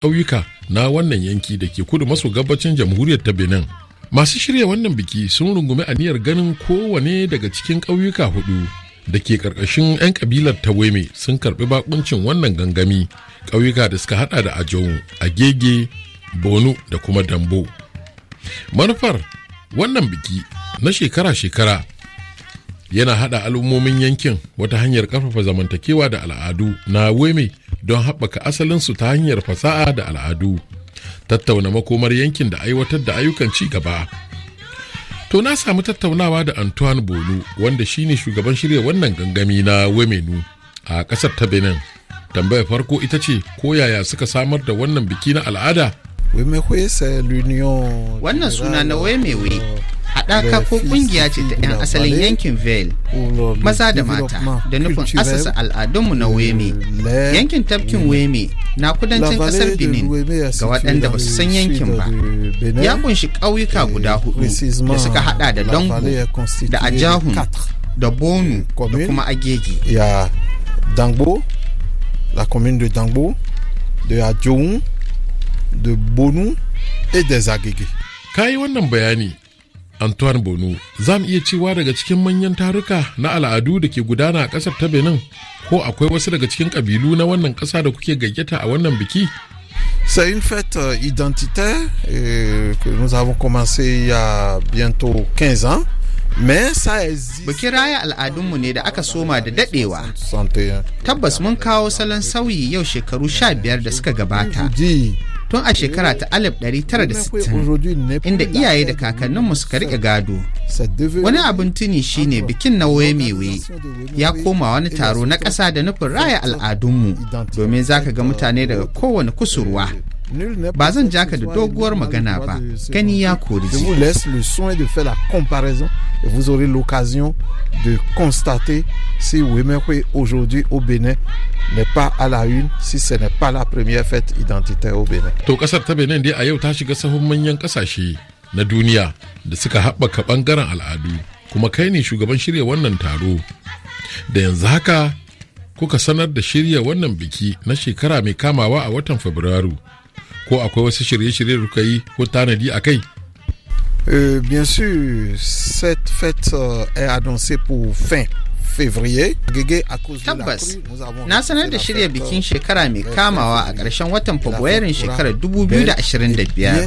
ƙauyuka na wannan yanki da ke kudu maso gabacin jamhuriyar ta benin masu shirya wannan biki sun rungumi aniyar ganin kowane daga cikin ƙauyuka hudu da ke ƙarƙashin 'yan ƙabilar taweme sun karɓi bakuncin wannan gangami ƙauyuka da suka hada da ajon gege, bonu da kuma dambo manufar wannan biki na shekara-shekara yana hada al'ummomin yankin wata hanyar ƙarfafa zamantakewa da al'adu na weme don haɓaka asalinsu ta hanyar fasaha da al'adu tattauna makomar yankin da aiwatar da ayyukan ci gaba to na samu tattaunawa da antoine bolu wanda shine shugaban shirya wannan gangami na wemenu a ƙasar ta benin tambayar farko ita ce ko yaya suka samar da wannan biki na al'ada wannan suna na wemewe haɗaka ko ƙungiya ce ta 'yan asalin yankin vale maza da mata da nufin asasa al'adunmu na weme yankin tafkin weme na kudancin ƙasar benin ga waɗanda ba su san yankin ba ya kunshi ƙauyuka eh, guda hudu da suka haɗa da dongo da ajahun da bonu eh, da kuma agege Dangbo, la commune de Dangbo, de Adjoun, de bonu et des Agege. Kayi wannan bayani Antoine Bono za mu iya cewa daga cikin manyan taruka na al'adu da ke gudana a ƙasar ta Benin ko akwai wasu daga cikin ƙabilu na wannan ƙasa da kuke gayyata a wannan biki? C'est une fête euh, identitaire euh, que nous avons commencé il y a bientôt 15 ans. Bikin raya al'adunmu ne da aka soma da dadewa. Tabbas mun kawo salon sauyi yau shekaru sha biyar da suka gabata. tun a shekara ta 1960 inda iyaye da kakanninmu suka rike gado. Wani abin tuni shine bikin na Wemewe ya koma wani taro na ƙasa da nufin raya al'adunmu domin zaka ga mutane daga kowane kusurwa. Ba zan ja ka da doguwar magana ba, gani ya kori le de faire la comparaison et vous aurez l'occasion de constater si Wemekwe aujourd'hui au Bénin n'est pas à la une, si ce n'est pas la première fête identitaire au Bénin. To kasar ta Benin dai a yau ta shiga sahun manyan kasashe na duniya da suka haɓaka ɓangaren al'adu kuma kai ne shugaban shirya wannan taro. Da yanzu haka kuka sanar da shirya wannan biki na shekara mai kamawa a watan Fabrairu. ko akwai wasu shirye-shirye da kuka yi ko tanadi a kai euh, bien sûr, cette fête euh, est annoncée pour fin Tabbas, na sanar da shirya bikin euh, shekara mai kamawa a ƙarshen watan Fabrairun shekarar 2025.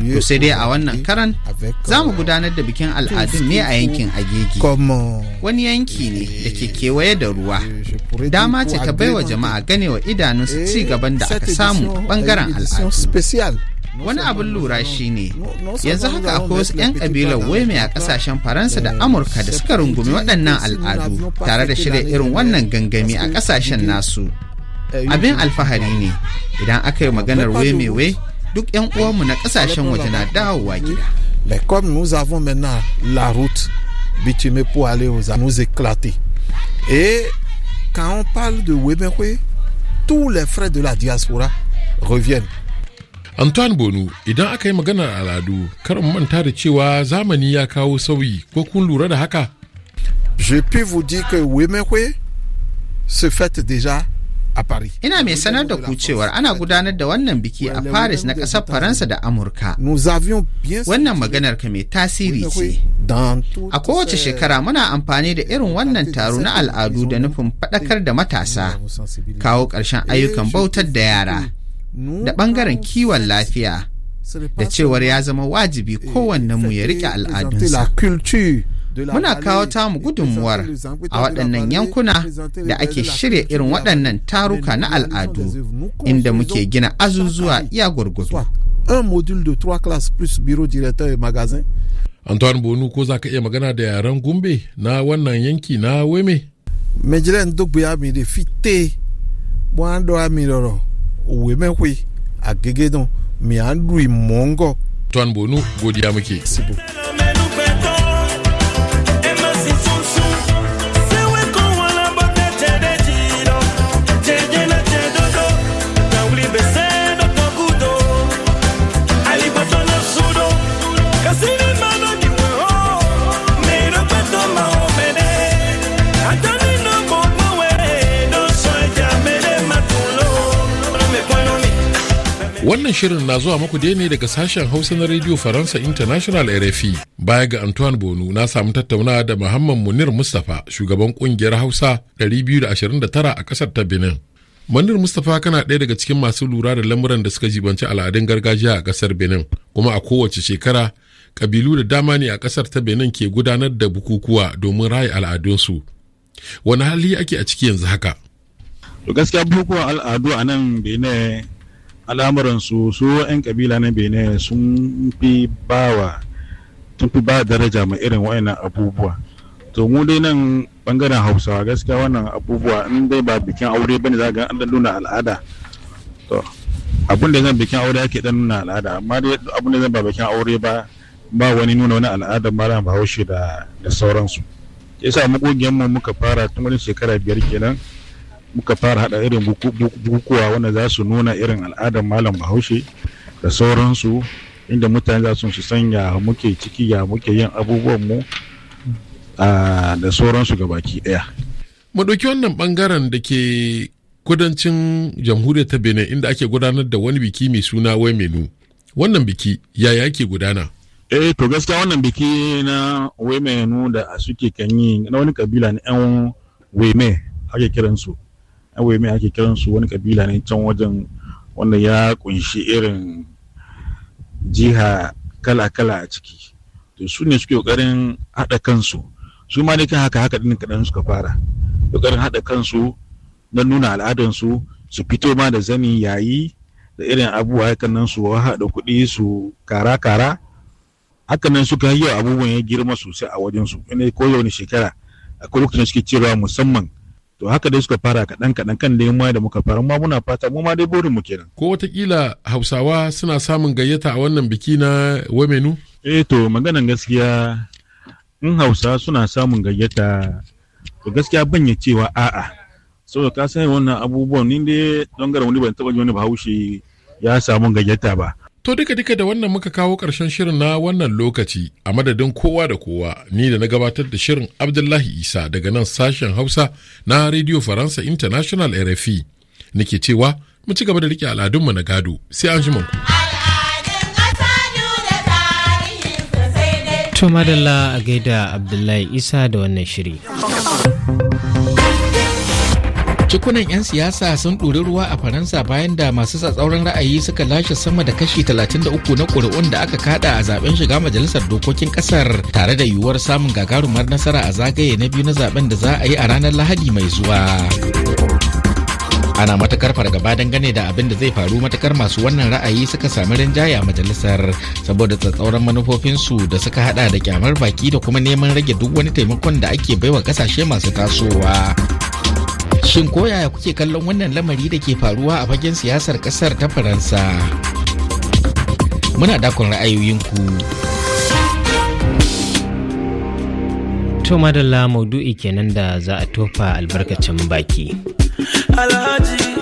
To sai dai a wannan karan za mu gudanar da bikin al'adun ne a yankin Agege. Wani yanki ne da ke kewaye da ruwa. Dama ce ta baiwa jama'a ganewa idanunsu ci gaban da aka samu bangaren al'adu. Wani abin lura shi ne, yanzu haka akwai wasu 'yan kabilar Weme a ƙasashen Faransa da Amurka da suka rungumi waɗannan al'adu tare da shirya irin wannan gangami a ƙasashen nasu. Abin alfahari ne, idan aka yi maganar Wemewe duk 'yan uwanmu na kasashen waje na dawowa gida. Mais comme nous avons maintenant la route bitumée pour aller aux nous éclater. Et quand on parle de Webekwe, tous les frais de la diaspora reviennent. Antoine Bonu, idan aka yi maganar al'adu, kar manta da cewa zamani ya kawo sauyi ko kun lura da haka? Je puis vous dire que Wemekwe se fête déjà a Paris. Ina mai sanar da ku cewar ana gudanar da wannan biki a Paris na ƙasar Faransa da Amurka. Wannan maganar ka mai tasiri ce. A kowace shekara muna amfani da irin wannan taro na al'adu da nufin faɗakar da matasa, kawo ƙarshen ayyukan bautar da yara, da ɓangaren kiwon lafiya, da cewar ya zama wajibi kowannen mu ya riƙe al'adunsa. muna kawo tamu gudunmuwar a waɗannan yankuna da ake shirya irin waɗannan taruka na al'adu inda muke gina azuzuwa iya gwargwado. Antoine Bonu ko za ka iya magana da yaren gumbe na wannan yanki na weme? Mejilen duk ya mi da fite an dọ mi lọrọ òwe mẹwẹ àgẹgẹ náà mi à ń lu ìmọ̀ ń gọ. Antoine Bonu godiya muke. Wannan shirin na zuwa muku dai ne daga sashen Hausa na Radio Faransa International RFI. Baya ga Antoine Bonu na samu tattaunawa da Muhammad Munir Mustapha, shugaban kungiyar Hausa 229 a kasar ta Benin. Munir Mustapha kana ɗaya daga cikin masu lura da lamuran da suka jibanci al'adun gargajiya a kasar Benin, kuma a kowace shekara kabilu da dama ne a kasar ta Benin ke gudanar da bukukuwa domin raya al'adunsu. Wani hali ake a ciki yanzu haka? To gaskiya bukukuwan al'adu a nan Benin al'amuransu su 'yan kabila na bene sun fi bawa tun fi ba daraja ma irin wa'annan abubuwa to mu dai nan bangaren hausawa gaskiya wannan abubuwa in dai ba bikin aure bane za ga an dan nuna al'ada to abun da zan bikin aure yake dan nuna al'ada amma dai abun da zan ba bikin aure ba ba wani nuna wani al'ada ba bahaushe da da sauransu yasa mu kungiyar mu muka fara tun wani shekara biyar kenan muka fara hada irin bukukuwa wanda za su nuna irin al'adar malam bahaushe da sauransu inda mutane za su san ya muke ciki ya muke yin abubuwanmu da sauransu ga baki daya mu wannan bangaren da ke kudancin jamhuriyar ta benin inda ake gudanar da wani biki mai suna wai menu wannan biki yaya ake gudana eh to gaskiya wannan biki na wai menu da suke kan yi na wani kabila na yan weme ake kiransu awai mai ake kiran su wani kabila ne can wajen wanda ya kunshi irin jiha kala-kala a ciki to su ne suke kokarin haɗa kansu su ma ne kan haka haka ɗin kaɗan suka fara kokarin haɗa kansu na nuna al'adansu su fito ma da zani yayi da irin abubuwa haka nan su haɗa kuɗi su kara-kara haka nan suka yi abubuwan ya girma sosai a su ne ko yau shekara akwai lokacin suke cewa musamman to haka dai suka fara kaɗan kaɗan kan da yamma da muka fara ma muna fata mu ma dai burin mu kenan ko watakila hausawa suna samun gayyata a wannan biki na wamenu eh to maganan gaskiya in hausa suna samun gayyata to gaskiya banya cewa a'a saboda ka san wannan abubuwan ni dai don gara wani ban taɓa wani bahaushe ya samu gayyata ba To duka duka da wannan muka kawo ƙarshen shirin na wannan lokaci a madadin kowa da kowa ni da na gabatar da shirin Abdullahi Isa daga nan sashen Hausa na Radio Faransa International RFI. Nake cewa mu ci gaba da rike al'adunmu na gado sai an ji ku. To madalla a gaida Abdullahi Isa da wannan shiri. cikunan 'yan siyasa sun ɗori ruwa a faransa bayan da masu tsatsauran ra'ayi suka lashe sama da kashi 33 na ƙuri'un da aka kada a zaben shiga majalisar dokokin ƙasar tare da yiwuwar samun gagarumar nasara a zagaye na biyu na zaben da za a yi a ranar lahadi mai zuwa ana matakar fargaba dangane da abin da zai faru matakar masu wannan ra'ayi suka sami rinjaye a majalisar saboda tsatsauran manufofinsu da suka hada da kyamar baki da kuma neman rage duk wani taimakon da ake baiwa kasashe masu tasowa. Shin koyaya kuke kallon wannan lamari da ke faruwa a fagen siyasar kasar ta Faransa? Muna dakon ra'ayoyinku. To madalla maudu'i kenan da za a tofa albarkacin baki. Alhaji